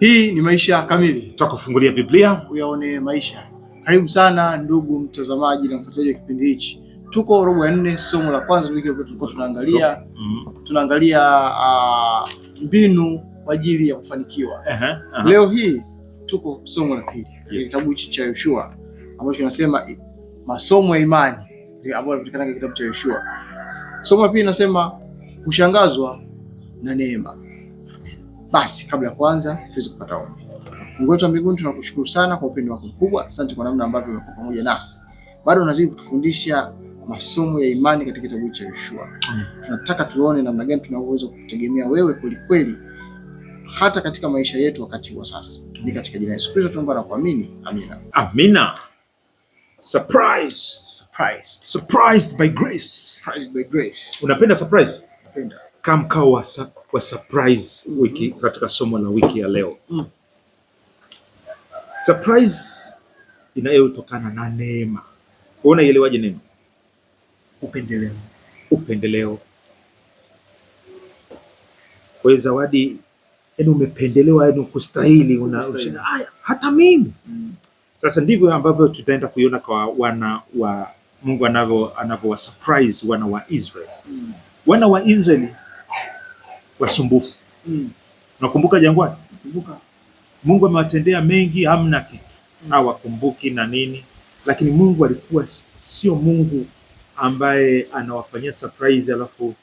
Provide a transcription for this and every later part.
Hii ni Maisha Kamili, tutakufungulia Biblia uyaone maisha. Karibu sana ndugu mtazamaji na mfuatiliaji wa kipindi hichi. Tuko robo ya nne, somo la kwanza. Wiki tulikuwa tunaangalia mm. tunaangalia ah, mbinu kwa ajili ya kufanikiwa. uh -huh, uh -huh. Leo hii tuko somo la pili katika kitabu hichi cha Yoshua ambacho kinasema masomo ya imani ambayo yanapatikana katika kitabu cha Yoshua. Somo la pili nasema kushangazwa na neema. Basi kabla ya kuanza tuweze kupata ombi. Mungu wetu wa mbinguni, tunakushukuru sana kwa upendo wako mkubwa. Asante kwa namna ambavyo umekuwa pamoja nasi, bado unazidi kutufundisha masomo ya imani katika kitabu cha Yoshua. Tunataka tuone namna gani tunaweza kutegemea wewe kwelikweli hata katika maisha yetu wakati wa sasa. Ni katika jina la Yesu Kristo tunaomba na kuamini. Amina. Amina. Surprise. Surprised. Surprised by grace. Surprised by grace. Unapenda surprise? Napenda. Kama kawa sasa kwa surprise wiki mm-hmm. katika somo la wiki ya leo mm. Surprise inayotokana na neema. Unaielewaje neema? upendeleo? Upendeleo kwa zawadi, yani umependelewa, yani kustahili una ushinda hata mimi mm. Sasa ndivyo ambavyo tutaenda kuiona kwa wana wa Mungu anavyo anavyo wa surprise wana wa Israeli mm. wana wa Israeli wasumbufu mm. Nakumbuka jangwani, Mungu amewatendea mengi, hamna kitu mm. hawakumbuki na nini, lakini Mungu alikuwa sio Mungu ambaye anawafanyia surprise alafu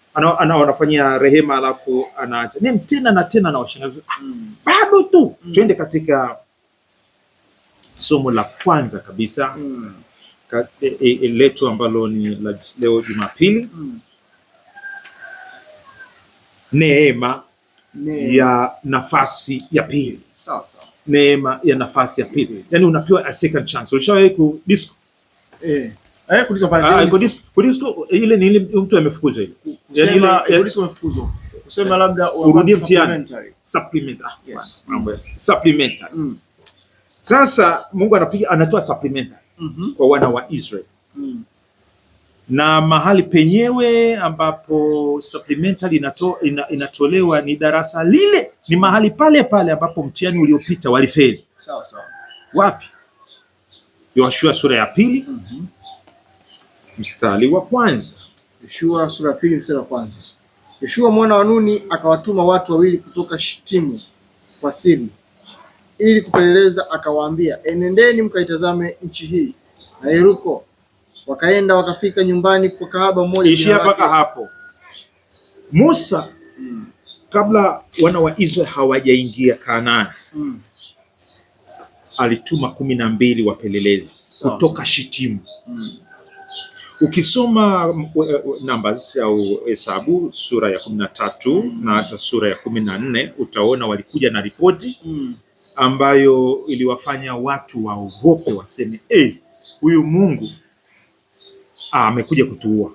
ana, rehema alafu anaacha ni tena na tena anawashangaza mm. bado tu mm. Tuende katika somo la kwanza kabisa mm. e, e, letu ambalo ni leo Jumapili mm neema ya nafasi ya pili. Sawa sawa. Neema ya nafasi ya pili, Yani unapewa a second chance. Ulishawahi ku disco? Eh. Eh, ku disco ah, Ku disco ile ni ile mtu amefukuzwa ile. yani eh, ile ku disco amefukuzwa. Kusema labda urudie mtihani. Supplementary. Ah, yes. Mambo ya supplementary. Mm. Sasa Mungu anapiga anatoa supplementary mm -hmm. kwa wana wa Israeli. Mm na mahali penyewe ambapo supplementary inato, ina, inatolewa ni darasa lile, ni mahali pale pale ambapo mtihani uliopita walifeli. Sawa sawa. Wapi? Yoshua sura ya pili mm -hmm. mstari wa kwanza. Yoshua sura ya pili mstari wa kwanza. Yoshua mwana wa Nuni akawatuma watu wawili kutoka Shitimu kwa siri ili kupeleleza, akawaambia enendeni mkaitazame nchi hii na Yeriko Wakaenda wakafika nyumbani kwa kahaba mmoja. Ishia mpaka hapo. Musa hmm. kabla wana wa Israeli hawajaingia Kanaani hmm. alituma kumi na mbili wapelelezi so. kutoka Shitimu hmm. Ukisoma eh, Numbers au Hesabu sura ya kumi na tatu hmm. na hata sura ya kumi na nne utaona walikuja na ripoti hmm. ambayo iliwafanya watu waogope, waseme hey, eh, huyu Mungu Ah, amekuja kutuua,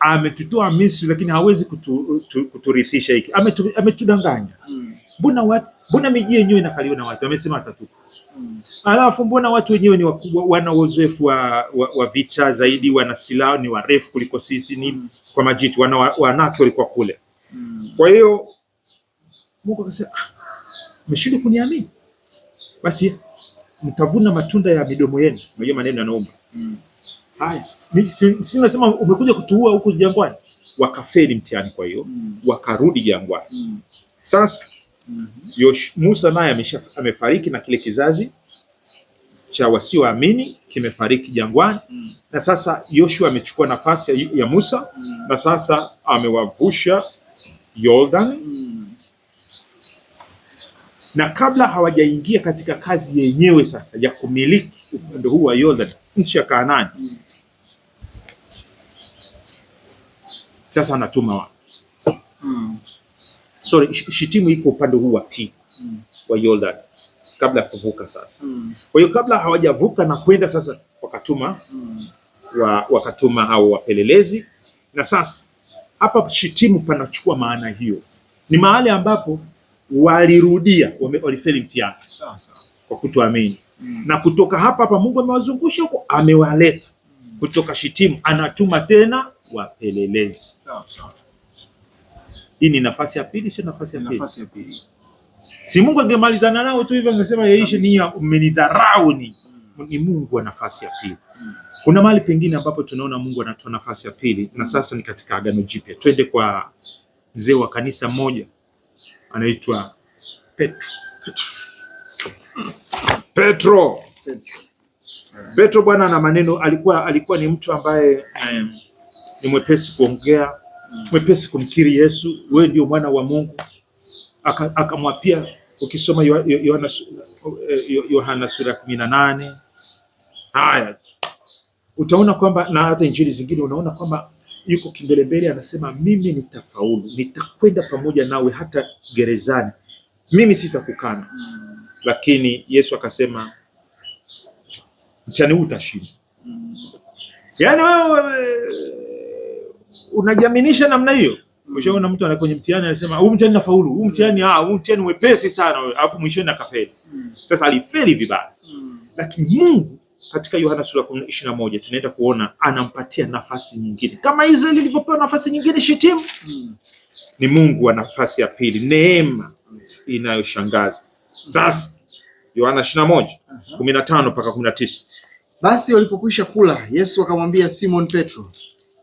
ametutoa Misri, lakini hawezi kutu, tu, kuturithisha hiki, ametudanganya. Mm. Mbona hmm. mbona miji yenyewe inakaliwa na watu, amesema atatupa Hmm. Alafu mbona watu wenyewe ni wakubwa, wana uzoefu wa, wa, wa vita zaidi, wana silaha, ni warefu kuliko sisi, ni hmm. kwa majitu wana, wanawake walikuwa kule hmm. Kwa hiyo Mungu akasema, ah, mmeshindwa kuniamini, basi mtavuna matunda ya midomo yenu. Unajua maneno yanaomba hmm. Haya, si nasema umekuja kutuua huku jangwani. Wakafeli mtihani, kwa hiyo mm. wakarudi jangwani mm. Sasa mm -hmm. Musa naye amefariki na kile kizazi cha wasioamini kimefariki jangwani mm. na sasa Yoshua amechukua nafasi ya Musa mm. na sasa amewavusha yordan mm. na kabla hawajaingia katika kazi yenyewe sasa ya kumiliki upande huu wa yordan nchi ya Kanaani mm. Sasa anatuma wapi? Mm. Sorry, shitimu iko upande huu wa pili mm. wa Jordan kabla ya kuvuka sasa. Mm. Kwa hiyo kabla hawajavuka na kwenda sasa wakatuma mm. wa, wakatuma hao wapelelezi na sasa hapa shitimu panachukua maana hiyo, ni mahali ambapo walirudia walifeli mtihani kwa kutoamini mm. na kutoka hapa hapa Mungu amewazungusha huko amewaleta mm. kutoka shitimu anatuma tena wapelelezi. Hii ni nafasi ya pili, sio nafasi ya pili. Si Mungu angemalizana nao tu hivyo, angesema yaishi ni umenidharau. Mm. Ni ni Mungu wa nafasi ya pili. Mm. Kuna mahali pengine ambapo tunaona Mungu anatoa nafasi ya pili, na mm. sasa ni katika Agano Jipya. Twende kwa mzee wa kanisa moja anaitwa Petro. Petro Petro, Petro bwana, na maneno alikuwa alikuwa ni mtu ambaye um, ni mwepesi kuongea, mwepesi kumkiri Yesu, wewe ndio mwana wa Mungu. Akamwapia, ukisoma Yohana eh, Yohana sura ya kumi na nane haya utaona kwamba na hata injili zingine unaona kwamba yuko kimbelembele, anasema mimi nitafaulu, nitakwenda pamoja nawe hata gerezani, mimi sitakukana. Mm. Lakini Yesu akasema mchani huu utashinda. Mm. Yaani wewe unajiaminisha namna hiyo. Ushaona mtu ana kwenye mtihani anasema huu mtihani nafaulu, huu mtihani ah, huu mtihani mwepesi sana, wewe, alafu mwishoni akafeli. Sasa alifeli vibaya, lakini Mungu katika Yohana sura ishirini na moja tunaenda kuona anampatia nafasi nyingine kama Israeli ilivyopewa nafasi nyingine shitimu. Hmm. Ni Mungu wa nafasi ya pili, neema inayoshangaza. Sasa Yohana ishirini na moja kumi na tano mpaka kumi na tisa basi walipokwisha kula, Yesu akamwambia Simon Petro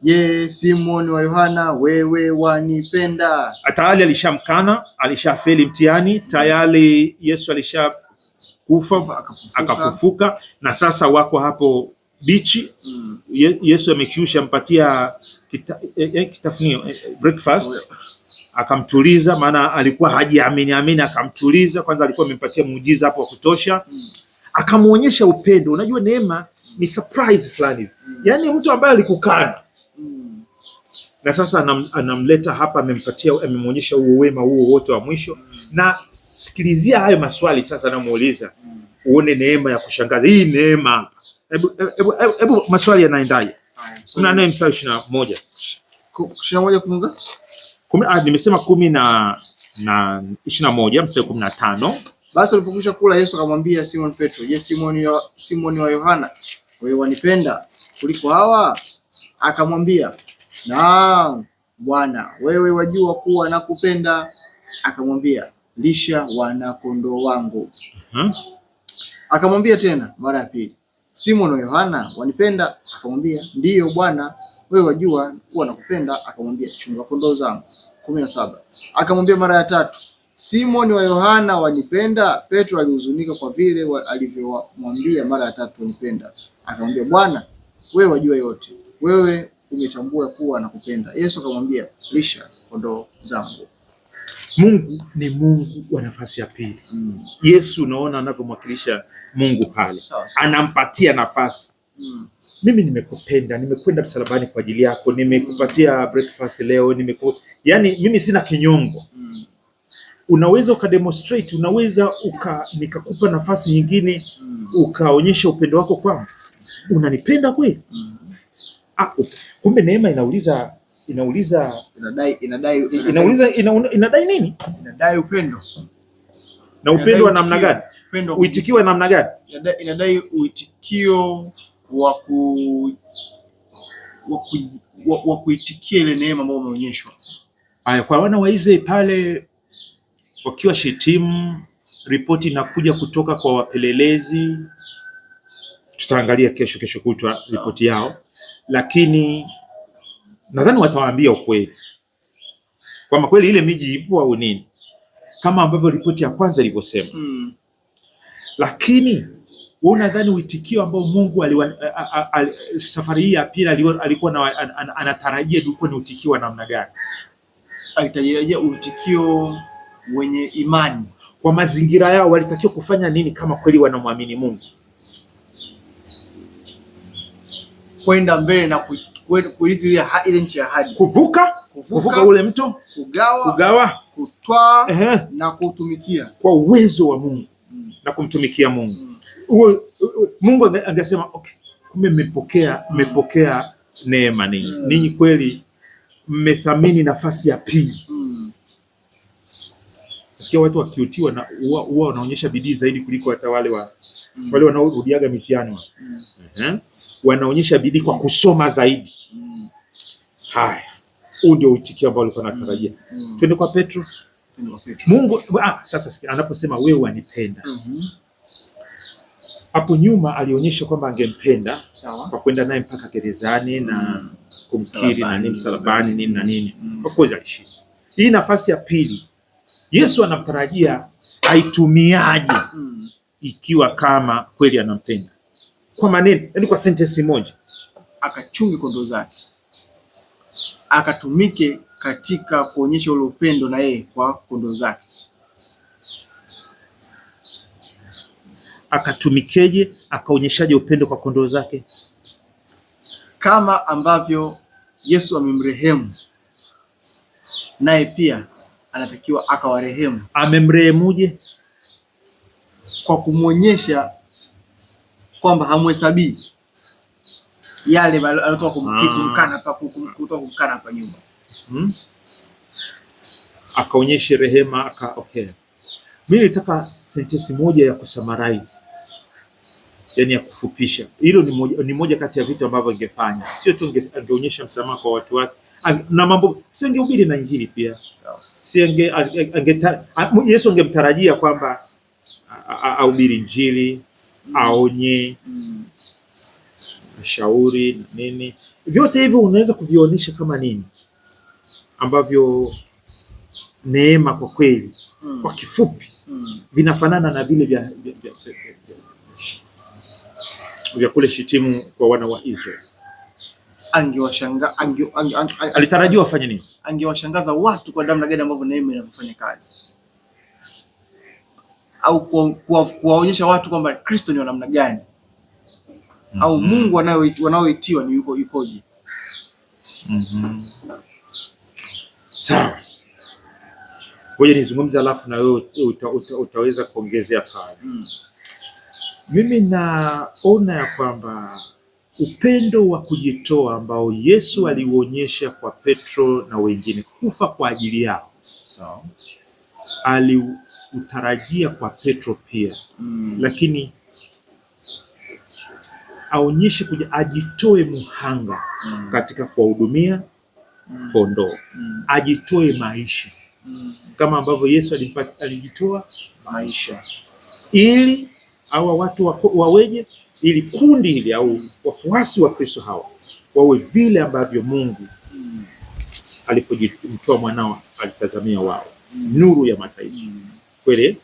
Je, Simon wa Yohana wewe wanipenda? Ah, tayari alishamkana, alishafeli mtihani tayari. Yesu alishakufa akafufuka, akafufuka na sasa wako hapo bichi mm. Yesu amekiusha ampatia kita, eh, eh, kitafunio eh, breakfast oh, akamtuliza, maana alikuwa hajiamini amini, akamtuliza kwanza. Alikuwa amempatia muujiza hapo wa kutosha mm. Akamwonyesha upendo. Unajua neema ni surprise fulani mm. Yaani mtu ambaye alikukana na sasa anam, anamleta hapa, amempatia amemwonyesha huo wema huo wote wa mwisho, na sikilizia hayo maswali sasa anamuuliza, uone neema ya kushangaza hii neema hapa. Hebu hebu maswali yanaendaje? Kuna naye mstari ishirini na moja ah, nimesema kumi na na ishirini na moja mstari kumi na tano Basi alipokwisha kula, Yesu akamwambia Simon Petro, je, Simon wa Yohana, wewe wanipenda kuliko hawa? Akamwambia Naam Bwana, wewe wajua kuwa nakupenda. Akamwambia, lisha wanakondoo wangu. Hmm? Akamwambia tena mara ya pili, Simon na Yohana wanipenda? Akamwambia, ndiyo Bwana, wewe wajua kuwa nakupenda. Akamwambia, chunga kondoo zangu. kumi na saba. Akamwambia mara ya tatu, Simoni wa Yohana wanipenda? Petro alihuzunika kwa vile alivyomwambia mara ya tatu wanipenda. Akamwambia, Bwana, wewe wajua yote, wewe umetambua kuwa anakupenda. Yesu akamwambia, lisha kondoo zangu. Mungu ni Mungu wa nafasi ya pili mm. Yesu unaona anavyomwakilisha Mungu pale, anampatia nafasi mm. Mimi nimekupenda, nimekwenda msalabani kwa ajili yako, nimekupatia mm. breakfast leo, nimeku yani, mimi sina kinyongo mm. Unaweza ukademonstrate, unaweza uka nikakupa nafasi nyingine mm. ukaonyesha upendo wako kwangu, unanipenda kweli mm. Kumbe neema inauliza inauliza inadai inadai inauliza inadai nini? Inadai upendo na upendo wa namna gani? Uitikio wa namna gani? Inadai uitikio wa ku wa kuitikia ile neema ambayo umeonyeshwa. Haya, kwa wana wa Israeli pale wakiwa Shitimu, ripoti inakuja kutoka kwa wapelelezi tutaangalia kesho kesho kutwa ripoti yao, lakini nadhani watawaambia ukweli kwamba kweli ile miji ipo au nini, kama ambavyo ripoti ya kwanza ilivyosema mm. Lakini unadhani uitikio ambao Mungu aliwa, a, a, a, safari hii ya pili alikuwa anatarajia ulikuwa ni utikio wa namna gani? Alitarajia utikio wenye imani. Kwa mazingira yao walitakiwa kufanya nini kama kweli wanamwamini Mungu? kwenda mbele na kurithi ile nchi ya ahadi, kuvuka kuvuka ule mto, kugawa kugawa, kutwaa na kutumikia kwa uwezo wa Mungu mm. na kumtumikia Mungu mm. Uwe, Mungu angesema okay, kumbe mmepokea mmepokea neema ninyi mm. ninyi kweli mmethamini nafasi ya pili mm. Sikia watu wakiutiwa na huwa wanaonyesha bidii zaidi kuliko hata wale wa mm. wale wanaorudiaga mitihani wa. mm. uh -huh. wanaonyesha bidii kwa kusoma zaidi mm. Haya, huu ndio uitikio ambao alikuwa anatarajia mm. Twende kwa Petro. Mungu ah, sasa anaposema wewe wanipenda mm -hmm. Hapo nyuma alionyesha kwamba angempenda kwa kwenda naye mpaka gerezani mm. na kumkiri na nini msalabani nini na nini mm. Of course alishinda. Hii nafasi ya pili Yesu anamtarajia aitumiaje? mm ikiwa kama kweli anampenda. Kwa maneno, yani kwa sentensi moja, akachunge kondoo zake, akatumike katika kuonyesha ule upendo na yeye kwa kondoo zake. Akatumikeje? Akaonyeshaje upendo kwa kondoo zake? Kama ambavyo Yesu amemrehemu, naye pia anatakiwa akawarehemu. Amemrehemuje? kwa kumwonyesha kwamba hamhesabii yale aliotoka ah. kumkana kumkana hapa nyuma, hmm? Akaonyeshe rehema aka, okay. Mimi nitaka sentensi moja ya kusummarize, yani ya kufupisha. Hilo ni moja, ni moja kati ya vitu ambavyo angefanya, sio tu angeonyesha msamaha kwa watu wake na mambo, si na Injili pia, si ange, Yesu angemtarajia kwamba ahubiri Injili, aonye, ashauri na nini. Vyote hivyo unaweza kuvionyesha kama nini ambavyo neema kwa kweli mm. Kwa kifupi mm. Vinafanana na vile vya, vya, vya, vya, vya, vya kule Shitimu kwa wana wa Israeli. Angewashangaza, ange, ange, ange, ange, alitarajiwa afanye nini? Angewashangaza watu kwa namna gani ambavyo neema inavyofanya kazi au kuwaonyesha kuwa watu kwamba Kristo ni wa namna gani mm -hmm. au mhm. Mungu wanaoitiwa ni yuko yukoje? mm -hmm. Sawa, ngoja nizungumze, alafu na wewe uta, uta, utaweza kuongezea pale mm. Mimi naona ya kwamba upendo wa kujitoa ambao Yesu aliuonyesha kwa Petro na wengine, kufa kwa ajili yao so aliutarajia kwa Petro pia mm. Lakini aonyeshe kuja ajitoe muhanga mm. katika kuwahudumia mm. kondoo mm. ajitoe maisha mm. kama ambavyo Yesu alijitoa maisha ili hawa watu waweje ili kundi hili au wafuasi wa Kristo hawa wawe vile ambavyo Mungu mm. alipojitoa mwanao alitazamia wao nuru ya mataifa. Kweli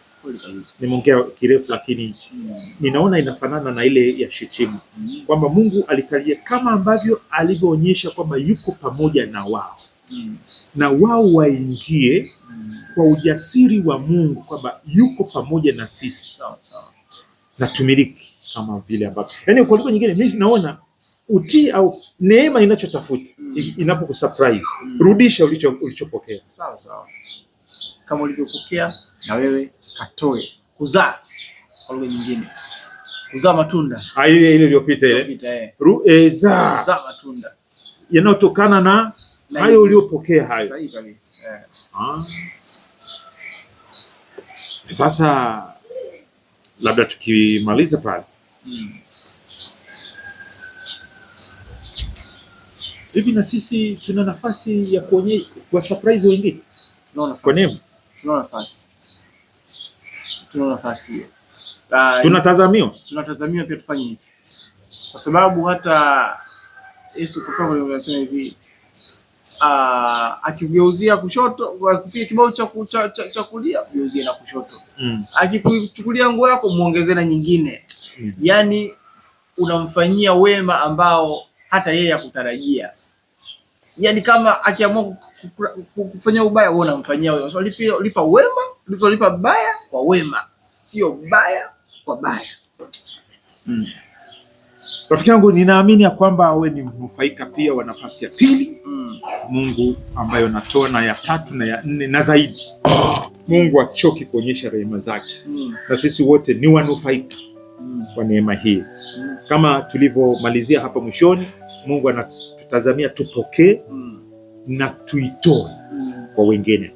nimeongea kirefu, lakini ninaona inafanana na ile ya Shitimu kwamba Mungu alikalia kama ambavyo alivyoonyesha kwamba yuko pamoja na wao na wao waingie kwa ujasiri wa Mungu kwamba yuko pamoja na sisi na tumiliki kama vile ambavyo, yani kwa lugha nyingine mimi naona utii au neema inachotafuta mm. inapokusurprise, rudisha ulichopokea. Sawa sawa kama ulivyopokea na wewe katoe. Kuzaa kwa lugha nyingine, kuzaa matunda, ah, ile ile iliyopita ile eh. rueza, kuzaa matunda yanayotokana na hayo uliyopokea hayo. Sahihi kabisa. Eh. Ah. Sasa labda tukimaliza pale hmm. hivi, hmm, na sisi tuna nafasi ya kuonyesha kwa surprise wengine kwa nini? nafasi. nafasi hiyo. Ah, ah, Tunatazamiwa. Tunatazamiwa pia tufanye hivi. Kwa sababu hata Yesu anasema hivi ah, akigeuzia kushoto, akikupiga kibao cha cha kulia, geuzie na kushoto. Mm. Akikuchukulia nguo yako, muongezee na nyingine. Mm. Yani unamfanyia wema ambao hata yeye hakutarajia. yani kama akiamua kufanya ubaya wewe unamfanyia wewe. So, lipa, lipa wema, lipa baya kwa wema, sio baya kwa baya. Mm. Rafiki yangu ninaamini ya kwamba wewe ni mnufaika pia wa nafasi ya pili. Mm. Mungu ambayo natoa na ya tatu na ya nne na zaidi. Mungu achoki kuonyesha rehema zake. Mm. Na sisi wote ni wanufaika mm. wa neema hii mm. Kama tulivyomalizia hapa mwishoni, Mungu anatutazamia tupokee mm na tuitoe kwa wengine.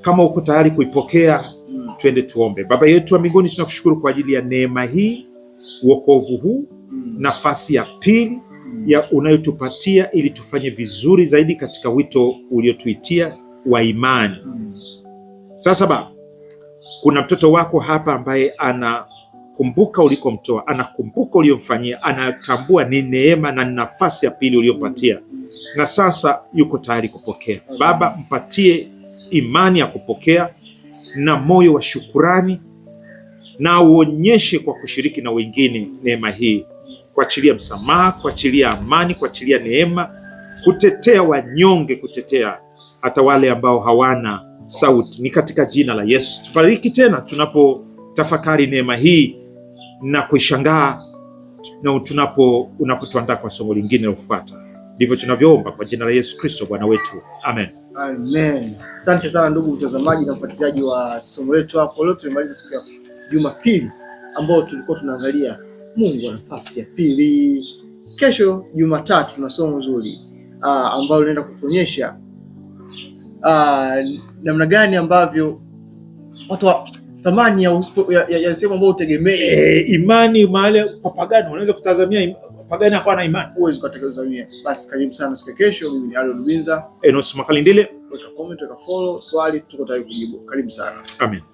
Kama uko tayari kuipokea, twende tuombe. Baba yetu wa mbinguni, tunakushukuru kwa ajili ya neema hii, uokovu huu, nafasi ya pili ya unayotupatia ili tufanye vizuri zaidi katika wito uliotuitia wa imani. Sasa Baba, kuna mtoto wako hapa ambaye anakumbuka ulikomtoa, anakumbuka uliomfanyia, anatambua ni neema na nafasi ya pili uliyopatia na sasa yuko tayari kupokea. Baba, mpatie imani ya kupokea na moyo wa shukurani, na uonyeshe kwa kushiriki na wengine neema hii, kuachilia msamaha, kuachilia amani, kuachilia neema, kutetea wanyonge, kutetea hata wale ambao hawana sauti. Ni katika jina la Yesu. Tubariki tena tunapotafakari neema hii na kuishangaa na tunapo unapotuandaa kwa somo lingine lofuata. Ndivyo tunavyoomba kwa jina la Yesu Kristo Bwana wetu Amen. Amen. Asante sana ndugu mtazamaji na mfuatiliaji wa somo letu hapo. Leo tumemaliza siku ya Jumapili ambayo tulikuwa tunaangalia Mungu wa nafasi ya pili. Kesho Jumatatu tuna somo zuri ah, ambalo linaenda kutuonyesha ah, namna gani ambavyo watu thamani ya, ya, ya, ya sehemu ambayo utegemee eh, imani mahali papagani wanaweza kutazamia Pagani akawa na imani, huwezi kutekeleza mia. Basi karibu sana siku kesho. Mimi ni Aaron Winza, Enos Makalindile. Weka comment, weka follow, swali tuko tayari kujibu. Karibu sana. Amen.